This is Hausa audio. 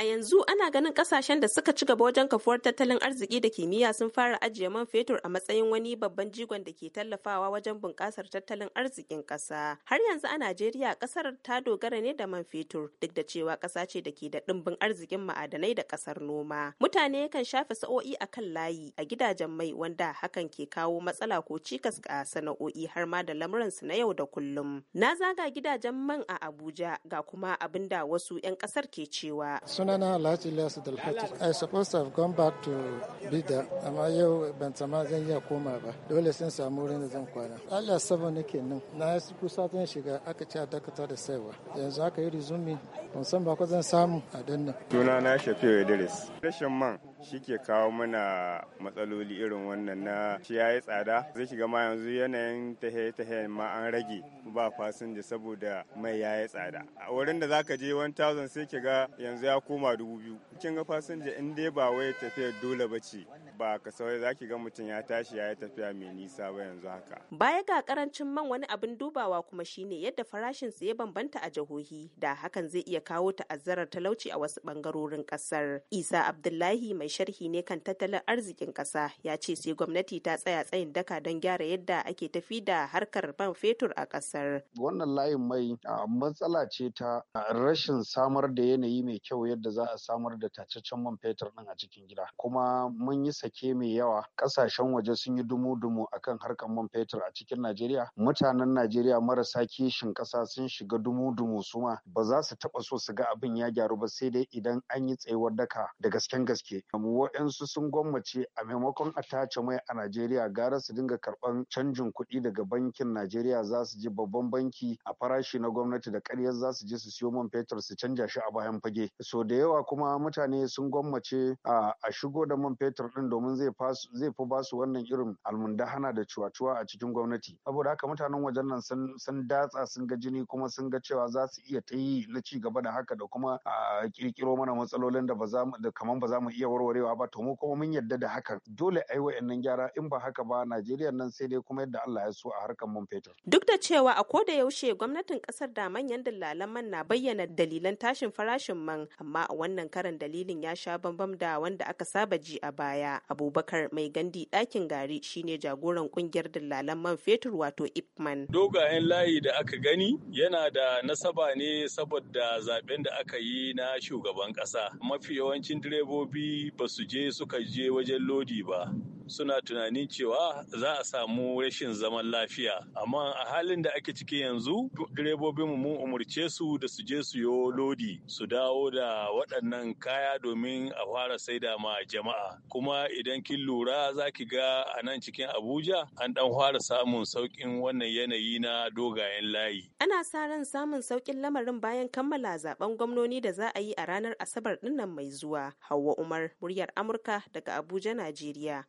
A yanzu ana ganin kasashen da suka ci gaba wajen kafuwar tattalin arziki da kimiyya sun fara ajiye man fetur a matsayin wani babban jigon da ke tallafawa wajen bunƙasar tattalin arzikin ƙasa. Har yanzu a Najeriya ƙasar ta dogara ne da man fetur duk da cewa ƙasa ce da ke da ɗimbin arzikin ma'adanai da ƙasar noma. Mutane kan shafe sa'o'i a kan layi a gidajen mai wanda hakan ke kawo matsala ko cikas ga sana'o'i har ma da lamuransu na yau da kullum. Na zaga gidajen man a Abuja ga kuma abin da wasu 'yan ƙasar ke cewa. sunana Alhaji Ilyasu Dalhaji. I supposed to have gone back to Bida, amma yau ban sama zan iya koma ba. Dole sun samu wurin da zan kwana. Allah saba nake nan. Na yi kusa zan shiga aka ce a dakata da saiwa. Yanzu aka yi rizumi, ban san ba ko zan samu a suna Sunana Shafiu Idris. Rashin man shi ke kawo mana matsaloli irin wannan na shi ya tsada zai shiga ma yanzu yanayin tahe-tahe ma an rage ba fasinja saboda mai ya yi tsada a wurin da za ka je 1000 sai ki ga yanzu ya koma dubu biyu kin ga fasinja in dai ba wai tafiyar dole ba ce ba kasawai za ki ga mutum ya tashi ya yi tafiya mai nisa ba yanzu haka. Baya ga karancin man wani abin dubawa kuma shine yadda farashin ya bambanta a jihohi da hakan zai iya kawo ta'azzarar talauci a wasu bangarorin kasar. Isa Abdullahi mai sharhi ne kan tattalin arzikin kasa ya ce sai gwamnati ta tsaya tsayin daka don gyara yadda ake tafi da harkar man fetur a kasar. Wannan layin mai matsala ce ta rashin samar da yanayi mai kyau yadda za a samar da tacaccen man fetur din a cikin gida. Kuma mun yi take mai yawa kasashen waje sun yi dumu-dumu akan harkar man fetur a cikin Najeriya mutanen Najeriya marasa kishin kasa sun shiga dumu-dumu suma ba za su taɓa so su ga abin ya gyaru ba sai dai idan an yi tsayuwar daka da gasken gaske waɗansu sun gwammace a maimakon a tace mai a Najeriya gara su dinga karɓan canjin kuɗi daga bankin Najeriya za su je babban banki a farashi na gwamnati da ƙaryar za su je su siyo man fetur su canja shi a bayan fage so da yawa kuma mutane sun gwammace a shigo da man fetur ɗin da domin zai fi ba su wannan irin almundahana da cuwa-cuwa a cikin gwamnati saboda haka mutanen wajen nan sun datsa sun ga jini kuma sun ga cewa za su iya ta yi na ci gaba da haka da kuma a kirkiro mana matsalolin da da kaman ba za mu iya warwarewa ba to mu kuma mun yadda da hakan dole ai nan gyara in ba haka ba Najeriya nan sai dai kuma yadda Allah ya so a harkar man fetur duk da cewa a koda yaushe gwamnatin kasar da manyan dillalan man na bayyana dalilan tashin farashin man amma a wannan karan dalilin ya sha bambam da wanda aka saba ji a baya abubakar mai gandi ɗakin gari shine jagoran kungiyar dillalan man fetur wato ipman dogayen layi da aka gani yana da nasaba ne saboda zaben da aka yi na shugaban ƙasa mafi yawancin direbobi ba su je suka je wajen lodi ba suna tunanin cewa za a samu rashin zaman lafiya amma a halin da ake ciki yanzu direbobinmu mun umurce su da su je su yo lodi su dawo da waɗannan kaya domin a fara saida ma jama'a kuma idan kin lura za ki ga a nan cikin abuja an dan fara samun sauƙin wannan yanayi na dogayen layi ana sa ran samun sauƙin lamarin bayan kammala zaben gwamnoni da za a yi a ranar asabar ɗinnan mai zuwa hawa umar muryar amurka daga abuja najeriya